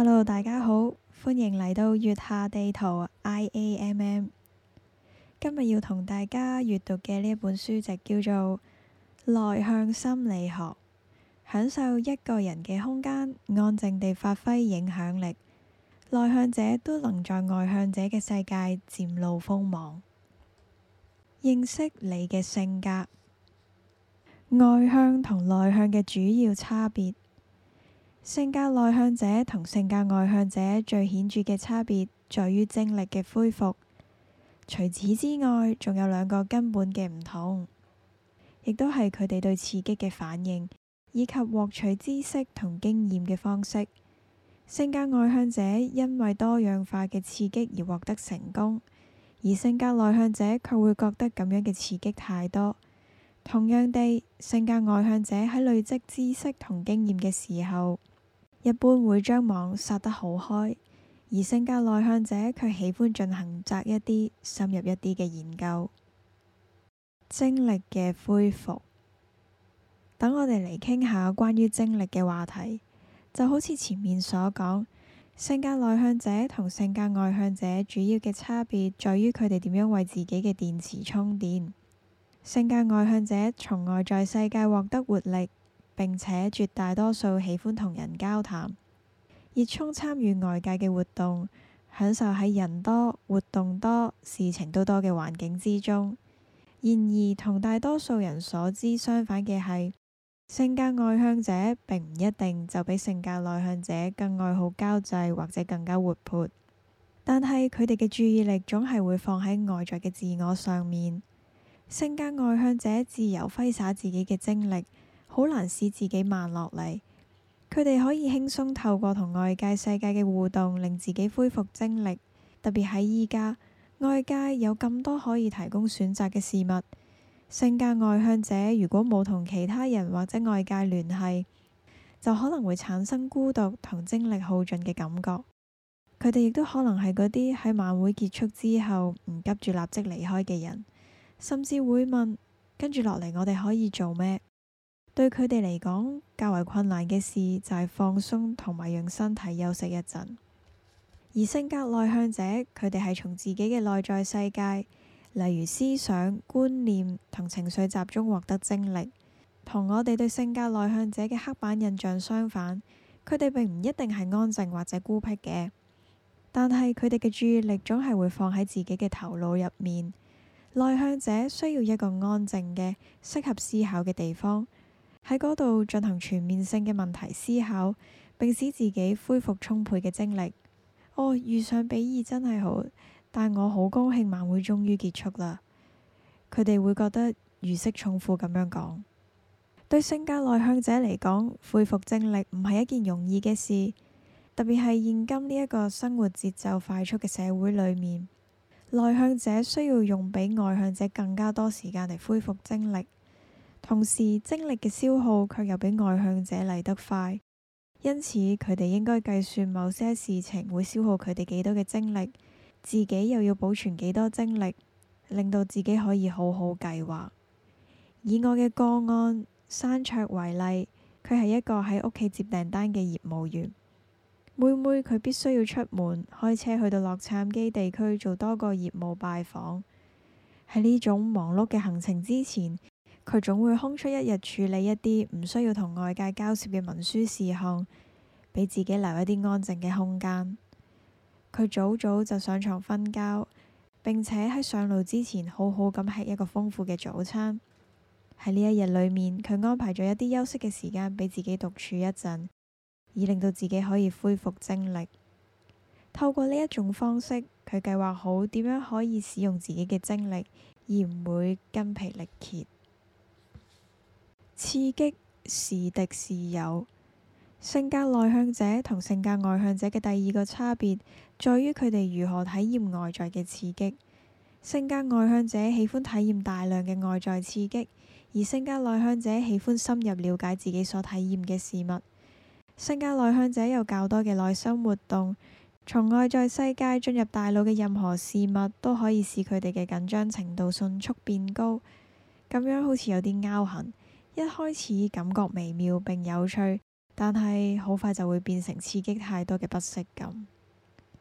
Hello，大家好，歡迎嚟到月下地圖 IAMM。今日要同大家閱讀嘅呢本書籍叫做《內向心理學》，享受一個人嘅空間，安靜地發揮影響力。內向者都能在外向者嘅世界嶄露鋒芒。認識你嘅性格，外向同內向嘅主要差別。性格內向者同性格外向者最顯著嘅差別，在於精力嘅恢復。除此之外，仲有兩個根本嘅唔同，亦都係佢哋對刺激嘅反應，以及獲取知識同經驗嘅方式。性格外向者因為多樣化嘅刺激而獲得成功，而性格內向者卻會覺得咁樣嘅刺激太多。同樣地，性格外向者喺累積知識同經驗嘅時候，一般會將網撒得好開，而性格內向者卻喜歡進行窄一啲、深入一啲嘅研究。精力嘅恢復，等我哋嚟傾下關於精力嘅話題。就好似前面所講，性格內向者同性格外向者主要嘅差別在於佢哋點樣為自己嘅電池充電。性格外向者從外在世界獲得活力。並且絕大多數喜歡同人交談，熱衷參與外界嘅活動，享受喺人多、活動多、事情都多嘅環境之中。然而，同大多數人所知相反嘅係，性格外向者並唔一定就比性格內向者更愛好交際或者更加活潑，但係佢哋嘅注意力總係會放喺外在嘅自我上面。性格外向者自由揮灑自己嘅精力。好難使自己慢落嚟，佢哋可以輕鬆透過同外界世界嘅互動，令自己恢復精力。特別喺依家，外界有咁多可以提供選擇嘅事物。性格外向者如果冇同其他人或者外界聯繫，就可能會產生孤獨同精力耗盡嘅感覺。佢哋亦都可能係嗰啲喺晚會結束之後唔急住立即離開嘅人，甚至會問，跟住落嚟我哋可以做咩？對佢哋嚟講，較為困難嘅事就係放鬆同埋讓身體休息一陣。而性格內向者，佢哋係從自己嘅內在世界，例如思想、觀念同情緒集中獲得精力。同我哋對性格內向者嘅刻板印象相反，佢哋並唔一定係安靜或者孤僻嘅，但係佢哋嘅注意力總係會放喺自己嘅頭腦入面。內向者需要一個安靜嘅適合思考嘅地方。喺嗰度進行全面性嘅問題思考，並使自己恢復充沛嘅精力。哦，遇上比爾真係好，但我好高興晚會終於結束啦。佢哋會覺得如釋重負咁樣講。對性格內向者嚟講，恢復精力唔係一件容易嘅事，特別係現今呢一個生活節奏快速嘅社會裏面，內向者需要用比外向者更加多時間嚟恢復精力。同時精力嘅消耗，卻又比外向者嚟得快，因此佢哋應該計算某些事情會消耗佢哋幾多嘅精力，自己又要保存幾多精力，令到自己可以好好計劃。以我嘅個案，山卓為例，佢係一個喺屋企接訂單嘅業務員，妹妹佢必須要出門開車去到洛杉磯地區做多個業務拜訪。喺呢種忙碌嘅行程之前，佢總會空出一日處理一啲唔需要同外界交涉嘅文書事項，俾自己留一啲安靜嘅空間。佢早早就上床瞓覺，並且喺上路之前好好咁吃一個豐富嘅早餐。喺呢一日裏面，佢安排咗一啲休息嘅時間俾自己獨處一陣，以令到自己可以恢復精力。透過呢一種方式，佢計劃好點樣可以使用自己嘅精力，而唔會筋疲力竭。刺激是敵是友。性格內向者同性格外向者嘅第二個差別在於佢哋如何體驗外在嘅刺激。性格外向者喜歡體驗大量嘅外在刺激，而性格內向者喜歡深入了解自己所體驗嘅事物。性格內向者有較多嘅內心活動，從外在世界進入大腦嘅任何事物都可以使佢哋嘅緊張程度迅速變高。咁樣好似有啲拗痕。一開始感覺微妙並有趣，但係好快就會變成刺激太多嘅不適感。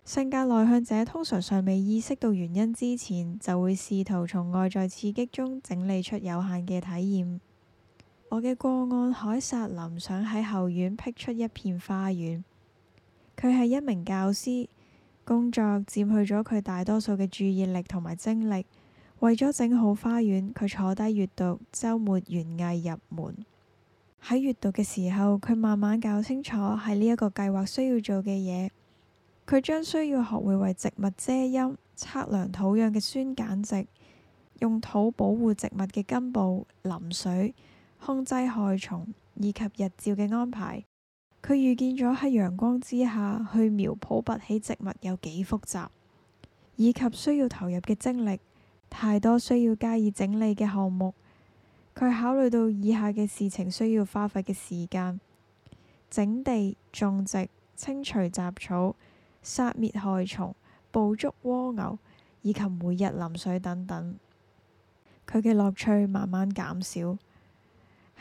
性格內向者通常尚未意識到原因之前，就會試圖從外在刺激中整理出有限嘅體驗。我嘅個案凱撒林想喺後院辟出一片花園。佢係一名教師，工作佔去咗佢大多數嘅注意力同埋精力。為咗整好花園，佢坐低閱讀《週末園藝入門》。喺閱讀嘅時候，佢慢慢搞清楚係呢一個計劃需要做嘅嘢。佢將需要學會為植物遮陰、測量土壤嘅酸鹼值、用土保護植物嘅根部、淋水、控制害蟲以及日照嘅安排。佢預見咗喺陽光之下去苗圃拔起植物有幾複雜，以及需要投入嘅精力。太多需要加以整理嘅項目，佢考慮到以下嘅事情需要花費嘅時間：整地、種植、清除雜草、殺滅害蟲、捕捉蝸牛以及每日淋水等等。佢嘅樂趣慢慢減少，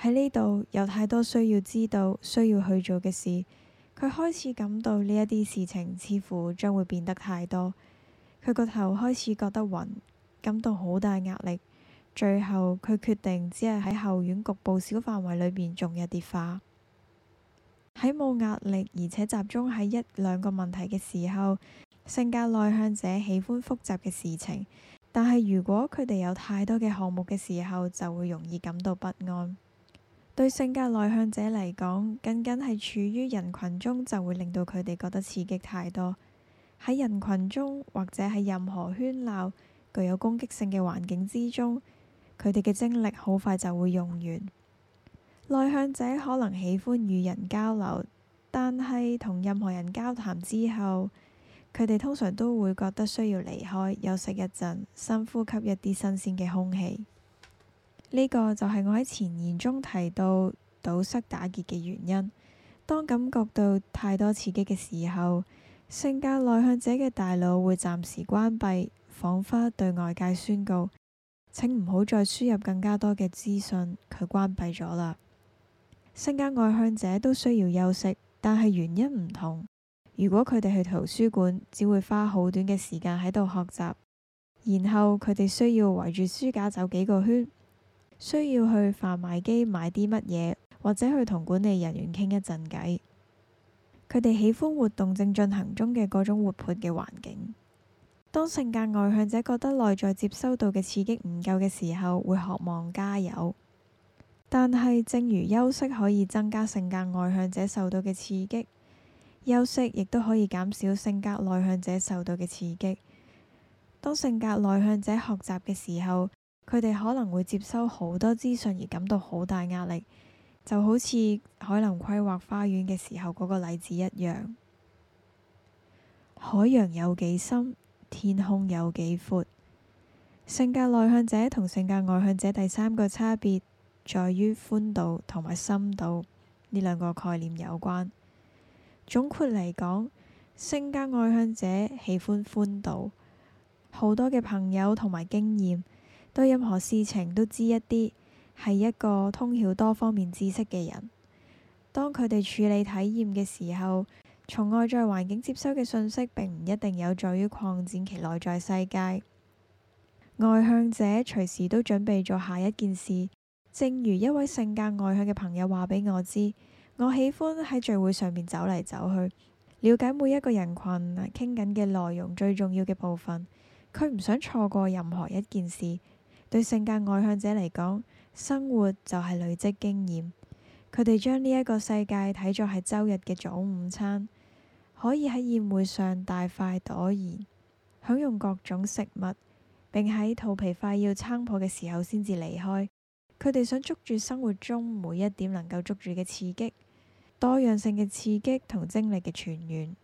喺呢度有太多需要知道、需要去做嘅事。佢開始感到呢一啲事情似乎將會變得太多，佢個頭開始覺得暈。感到好大壓力，最後佢決定只係喺後院局部小範圍裏面種一啲花。喺冇壓力而且集中喺一兩個問題嘅時候，性格內向者喜歡複雜嘅事情，但係如果佢哋有太多嘅項目嘅時候，就會容易感到不安。對性格內向者嚟講，僅僅係處於人群中就會令到佢哋覺得刺激太多。喺人群中或者喺任何喧鬧。具有攻擊性嘅環境之中，佢哋嘅精力好快就會用完。內向者可能喜歡與人交流，但係同任何人交談之後，佢哋通常都會覺得需要離開，休息一陣，深呼吸一啲新鮮嘅空氣。呢個就係我喺前言中提到堵塞打結嘅原因。當感覺到太多刺激嘅時候，性格內向者嘅大腦會暫時關閉。彷彿對外界宣告：請唔好再輸入更加多嘅資訊，佢關閉咗喇。新間外向者都需要休息，但係原因唔同。如果佢哋去圖書館，只會花好短嘅時間喺度學習，然後佢哋需要圍住書架走幾個圈，需要去販賣機買啲乜嘢，或者去同管理人員傾一陣偈。佢哋喜歡活動正進行中嘅各種活潑嘅環境。當性格外向者覺得內在接收到嘅刺激唔夠嘅時候，會渴望加油。但係，正如休息可以增加性格外向者受到嘅刺激，休息亦都可以減少性格內向者受到嘅刺激。當性格內向者學習嘅時候，佢哋可能會接收好多資訊而感到好大壓力，就好似海南規劃花園嘅時候嗰個例子一樣。海洋有幾深？天空有幾闊？性格內向者同性格外向者第三個差別，在於寬度同埋深度呢兩個概念有關。總括嚟講，性格外向者喜歡寬度，好多嘅朋友同埋經驗，對任何事情都知一啲，係一個通曉多方面知識嘅人。當佢哋處理體驗嘅時候，從外在環境接收嘅信息，並唔一定有助於擴展其內在世界。外向者隨時都準備做下一件事，正如一位性格外向嘅朋友話俾我知：我喜歡喺聚會上面走嚟走去，了解每一個人群傾緊嘅內容最重要嘅部分。佢唔想錯過任何一件事。對性格外向者嚟講，生活就係累積經驗。佢哋將呢一個世界睇作係週日嘅早午餐。可以喺宴會上大快朵頤，享用各種食物，並喺肚皮快要撐破嘅時候先至離開。佢哋想捉住生活中每一點能夠捉住嘅刺激，多樣性嘅刺激同精力嘅泉源。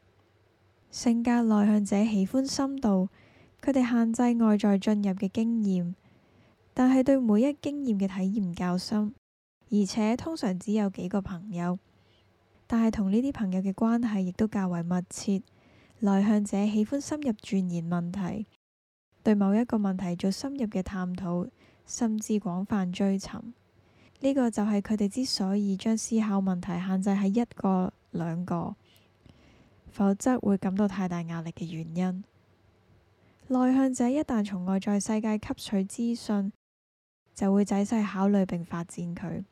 性格內向者喜歡深度，佢哋限制外在進入嘅經驗，但係對每一經驗嘅體驗較深，而且通常只有幾個朋友，但係同呢啲朋友嘅關係亦都較為密切。內向者喜歡深入鑽研問題，對某一個問題做深入嘅探討，甚至廣泛追尋。呢、這個就係佢哋之所以將思考問題限制喺一個兩個，否則會感到太大壓力嘅原因。內向者一旦從外在世界吸取資訊，就會仔細考慮並發展佢。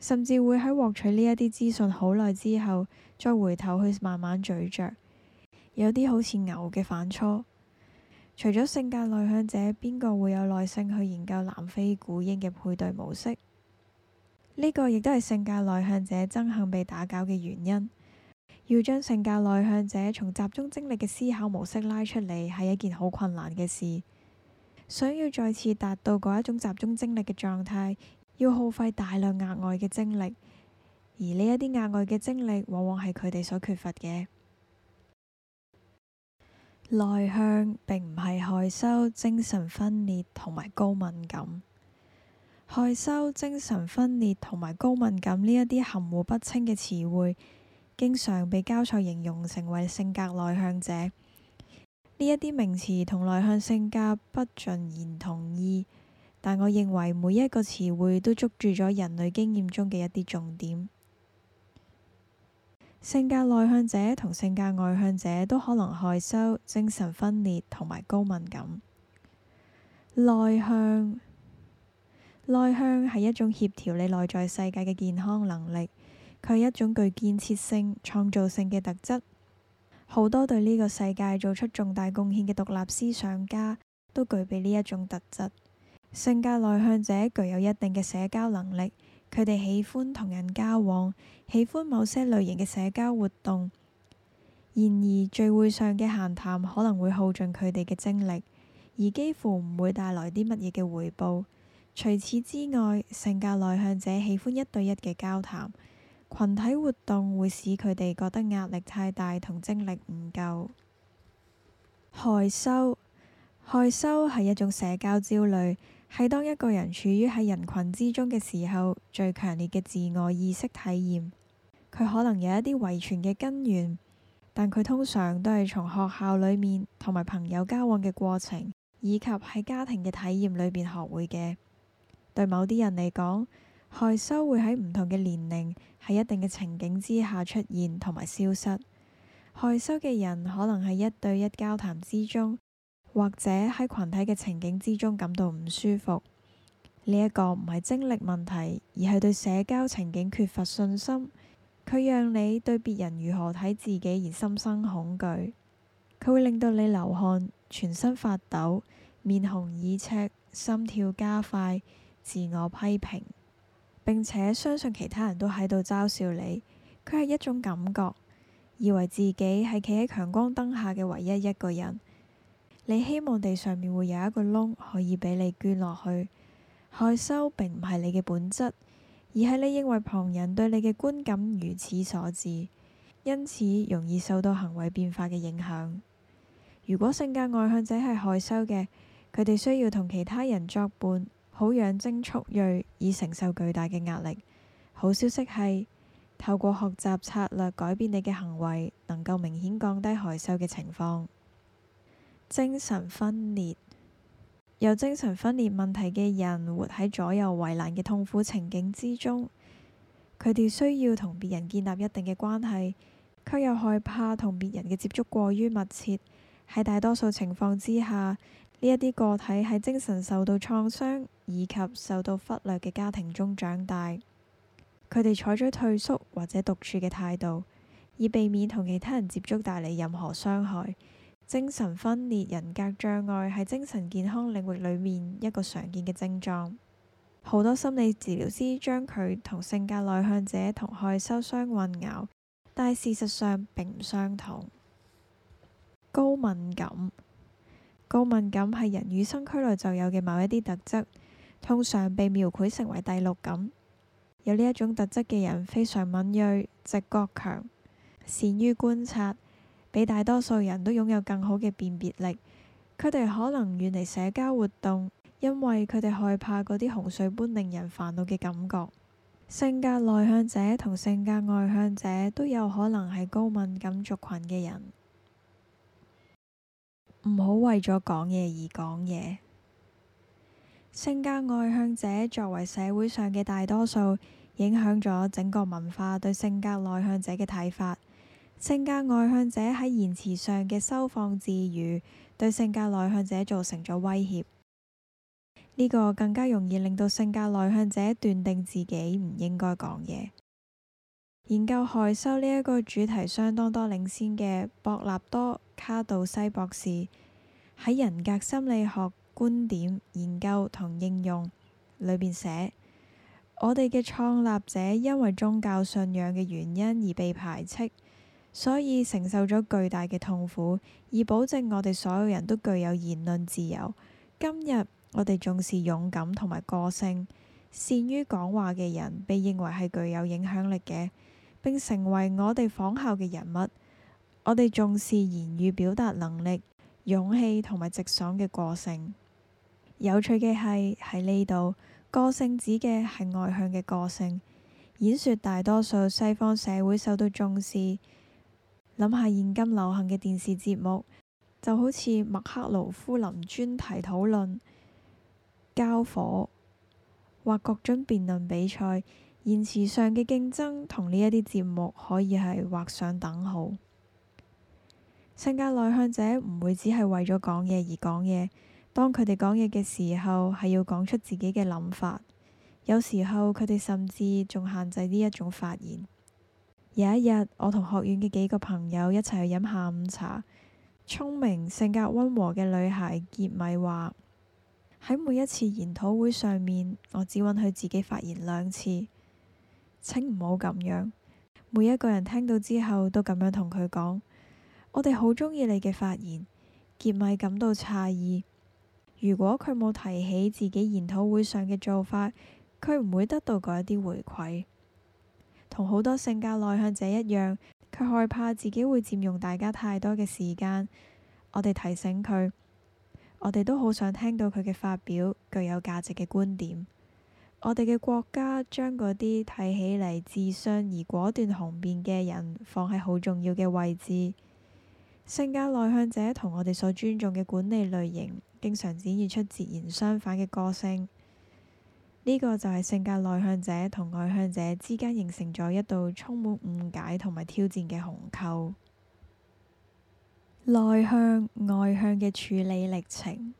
甚至會喺獲取呢一啲資訊好耐之後，再回頭去慢慢咀嚼。有啲好似牛嘅反芻。除咗性格內向者，邊個會有耐性去研究南非古英嘅配對模式？呢個亦都係性格內向者憎恨被打攪嘅原因。要將性格內向者從集中精力嘅思考模式拉出嚟，係一件好困難嘅事。想要再次達到嗰一種集中精力嘅狀態，要耗費大量額外嘅精力，而呢一啲額外嘅精力，往往係佢哋所缺乏嘅。內向並唔係害羞、精神分裂同埋高敏感。害羞、精神分裂同埋高敏感，呢一啲含糊不清嘅詞彙，經常被交錯形容成為性格內向者。呢一啲名詞同內向性格不盡然同意。但我認為每一個詞彙都捉住咗人類經驗中嘅一啲重點。性格內向者同性格外向者都可能害羞、精神分裂同埋高敏感。內向，內向係一種協調你內在世界嘅健康能力，佢係一種具建設性、創造性嘅特質。好多對呢個世界做出重大貢獻嘅獨立思想家都具備呢一種特質。性格內向者具有一定嘅社交能力，佢哋喜歡同人交往，喜歡某些類型嘅社交活動。然而，聚會上嘅閒談可能會耗盡佢哋嘅精力，而幾乎唔會帶來啲乜嘢嘅回報。除此之外，性格內向者喜歡一對一嘅交談，群體活動會使佢哋覺得壓力太大同精力唔夠。害羞，害羞係一種社交焦慮。係當一個人處於喺人群之中嘅時候，最強烈嘅自我意識體驗。佢可能有一啲遺傳嘅根源，但佢通常都係從學校裏面同埋朋友交往嘅過程，以及喺家庭嘅體驗裏面學會嘅。對某啲人嚟講，害羞會喺唔同嘅年齡，喺一定嘅情景之下出現同埋消失。害羞嘅人可能喺一對一交談之中，或者喺群體嘅情景之中感到唔舒服，呢一個唔係精力問題，而係對社交情景缺乏信心。佢讓你對別人如何睇自己而心生恐懼，佢會令到你流汗、全身發抖、面紅耳赤、心跳加快、自我批評，並且相信其他人都喺度嘲笑你。佢係一種感覺，以為自己係企喺強光燈下嘅唯一一個人。你希望地上面會有一個窿，可以俾你捐落去。害羞並唔係你嘅本質，而係你認為旁人對你嘅觀感如此所致，因此容易受到行為變化嘅影響。如果性格外向者係害羞嘅，佢哋需要同其他人作伴，好養精蓄銳，以承受巨大嘅壓力。好消息係，透過學習策略改變你嘅行為，能夠明顯降低害羞嘅情況。精神分裂。有精神分裂問題嘅人，活喺左右為難嘅痛苦情景之中。佢哋需要同別人建立一定嘅關係，卻又害怕同別人嘅接觸過於密切。喺大多數情況之下，呢一啲個體喺精神受到創傷以及受到忽略嘅家庭中長大。佢哋採取退縮或者獨處嘅態度，以避免同其他人接觸帶嚟任何傷害。精神分裂人格障礙係精神健康領域裏面一個常見嘅症狀，好多心理治療師將佢同性格內向者同害羞相混淆，但事實上並唔相同。高敏感，高敏感係人與生俱來就有嘅某一啲特質，通常被描繪成為第六感。有呢一種特質嘅人非常敏鋭、直覺強、善於觀察。比大多數人都擁有更好嘅辨別力，佢哋可能遠離社交活動，因為佢哋害怕嗰啲洪水般令人煩惱嘅感覺，性格內向者同性格外向者都有可能係高敏感族群嘅人。唔好為咗講嘢而講嘢。性格外向者作為社會上嘅大多數，影響咗整個文化對性格內向者嘅睇法。性格外向者喺言辭上嘅收放自如，對性格內向者造成咗威脅。呢個更加容易令到性格內向者斷定自己唔應該講嘢。研究害羞呢一個主題相當多，領先嘅博納多卡杜西博士喺人格心理學觀點研究同應用裏邊寫，我哋嘅創立者因為宗教信仰嘅原因而被排斥。所以承受咗巨大嘅痛苦，以保證我哋所有人都具有言論自由。今日我哋重視勇敢同埋個性，善於講話嘅人被認為係具有影響力嘅，並成為我哋仿效嘅人物。我哋重視言語表達能力、勇氣同埋直爽嘅個性。有趣嘅係喺呢度，個性指嘅係外向嘅個性。演說大多數西方社會受到重視。諗下現今流行嘅電視節目，就好似麥克勞夫林專題討論、交火或各種辯論比賽，言辭上嘅競爭同呢一啲節目可以係畫上等號。性格內向者唔會只係為咗講嘢而講嘢，當佢哋講嘢嘅時候，係要講出自己嘅諗法。有時候佢哋甚至仲限制呢一種發言。有一日，我同學院嘅幾個朋友一齊去飲下午茶。聰明、性格溫和嘅女孩傑米話：喺每一次研討會上面，我只允許自己發言兩次，請唔好咁樣。每一個人聽到之後都咁樣同佢講：我哋好中意你嘅發言。傑米感到詫異。如果佢冇提起自己研討會上嘅做法，佢唔會得到嗰一啲回饋。同好多性格內向者一樣，佢害怕自己會佔用大家太多嘅時間。我哋提醒佢，我哋都好想聽到佢嘅發表具有價值嘅觀點。我哋嘅國家將嗰啲睇起嚟自信而果斷雄辯嘅人放喺好重要嘅位置。性格內向者同我哋所尊重嘅管理類型，經常展現出截然相反嘅個性。呢個就係性格內向者同外向者之間形成咗一道充滿誤解同埋挑戰嘅鴻溝。內向外向嘅處理歷程，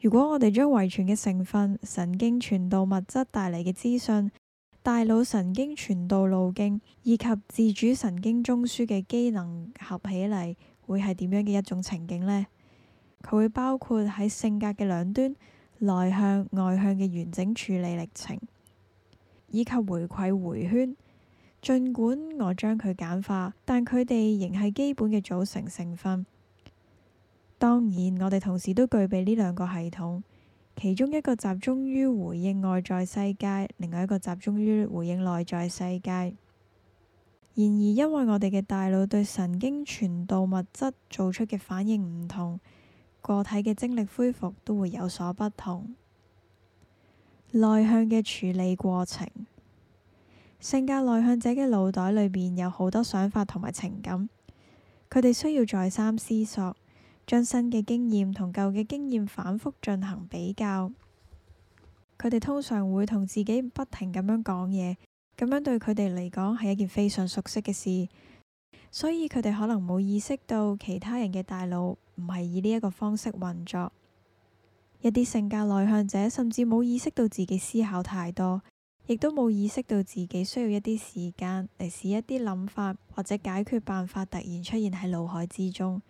如果我哋將遺傳嘅成分、神經傳導物質帶嚟嘅資訊、大腦神經傳導路徑以及自主神經中樞嘅機能合起嚟，會係點樣嘅一種情景呢？佢會包括喺性格嘅兩端。內向外向嘅完整處理歷程，以及回饋回圈。儘管我將佢簡化，但佢哋仍係基本嘅組成成分。當然，我哋同時都具備呢兩個系統，其中一個集中於回應外在世界，另外一個集中於回應內在世界。然而，因為我哋嘅大腦對神經傳導物質做出嘅反應唔同。個體嘅精力恢復都會有所不同。內向嘅處理過程，性格內向者嘅腦袋裏面有好多想法同埋情感，佢哋需要再三思索，將新嘅經驗同舊嘅經驗反覆進行比較。佢哋通常會同自己不停咁樣講嘢，咁樣對佢哋嚟講係一件非常熟悉嘅事。所以佢哋可能冇意識到其他人嘅大腦唔係以呢一個方式運作，一啲性格內向者甚至冇意識到自己思考太多，亦都冇意識到自己需要一啲時間嚟使一啲諗法或者解決辦法突然出現喺腦海之中。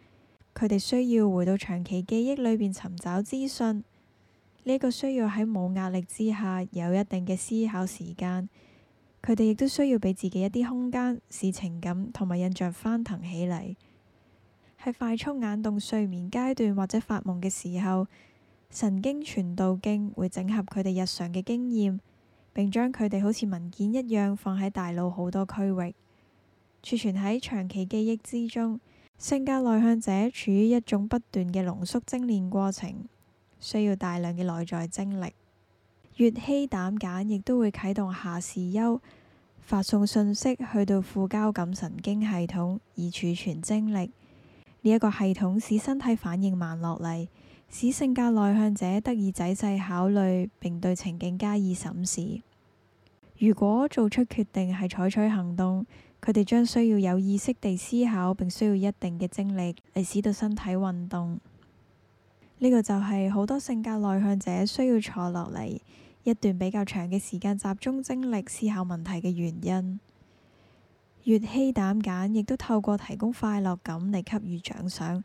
佢哋需要回到長期記憶裏邊尋找資訊，呢個需要喺冇壓力之下有一定嘅思考時間。佢哋亦都需要俾自己一啲空間，使情感同埋印象翻騰起嚟。喺快速眼動睡眠階段或者發夢嘅時候，神經傳導徑會整合佢哋日常嘅經驗，並將佢哋好似文件一樣放喺大腦好多區域，儲存喺長期記憶之中。性格內向者處於一種不斷嘅濃縮精練過程，需要大量嘅內在精力。乙醯膽鹼亦都會啟動下視丘，發送信息去到副交感神經系統，以儲存精力。呢、這、一個系統使身體反應慢落嚟，使性格內向者得以仔細考慮，並對情境加以審視。如果做出決定係採取行動，佢哋將需要有意識地思考，並需要一定嘅精力嚟使到身體運動。呢、這個就係好多性格內向者需要坐落嚟，一段比較長嘅時間集中精力思考問題嘅原因，乙醯膽鹼亦都透過提供快樂感嚟給予獎賞，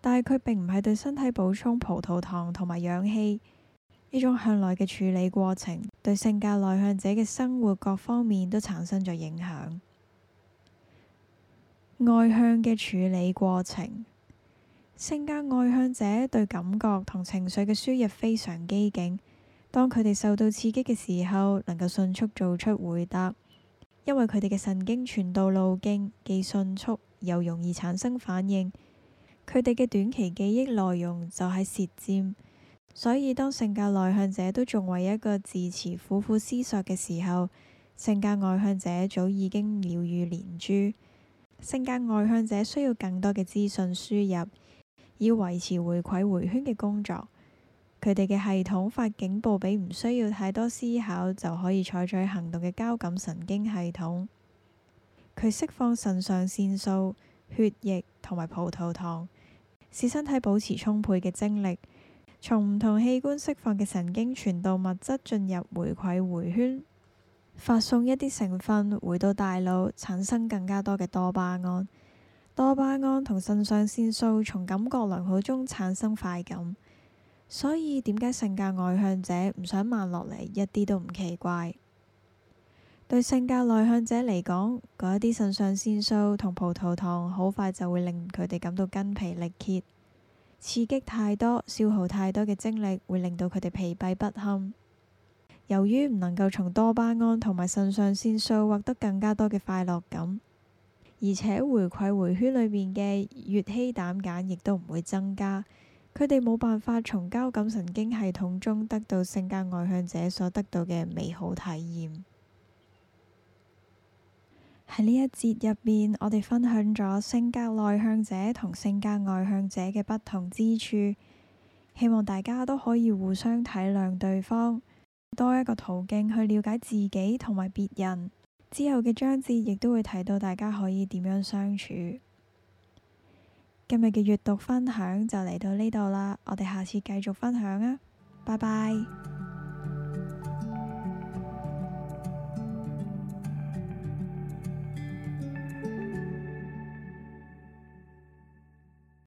但係佢並唔係對身體補充葡萄糖同埋氧氣。呢種向內嘅處理過程，對性格內向者嘅生活各方面都產生咗影響。外向嘅處理過程，性格外向者對感覺同情緒嘅輸入非常機警。當佢哋受到刺激嘅時候，能夠迅速做出回答，因為佢哋嘅神經傳導路徑既迅速又容易產生反應。佢哋嘅短期記憶內容就係舌尖，所以當性格內向者都仲為一個字詞苦苦思索嘅時候，性格外向者早已經妙語連珠。性格外向者需要更多嘅資訊輸入，以維持回饋回圈嘅工作。佢哋嘅系統發警報俾唔需要太多思考就可以採取行動嘅交感神經系統，佢釋放腎上腺素、血液同埋葡萄糖，使身體保持充沛嘅精力。從唔同器官釋放嘅神經傳導物質進入回饋回圈，發送一啲成分回到大腦，產生更加多嘅多巴胺。多巴胺同腎上腺素從感覺良好中產生快感。所以點解性格外向者唔想慢落嚟，一啲都唔奇怪。對性格內向者嚟講，嗰一啲腎上腺素同葡萄糖好快就會令佢哋感到筋疲力竭，刺激太多、消耗太多嘅精力，會令到佢哋疲憊不堪。由於唔能夠從多巴胺同埋腎上腺素獲得更加多嘅快樂感，而且回饋回圈裏面嘅乙酰膽鹼亦都唔會增加。佢哋冇辦法從交感神經系統中得到性格外向者所得到嘅美好體驗。喺呢一節入面，我哋分享咗性格內向者同性格外向者嘅不同之處，希望大家都可以互相體諒對方，多一個途徑去了解自己同埋別人。之後嘅章節亦都會睇到大家可以點樣相處。今日嘅閱讀分享就嚟到呢度啦，我哋下次繼續分享啊，拜拜。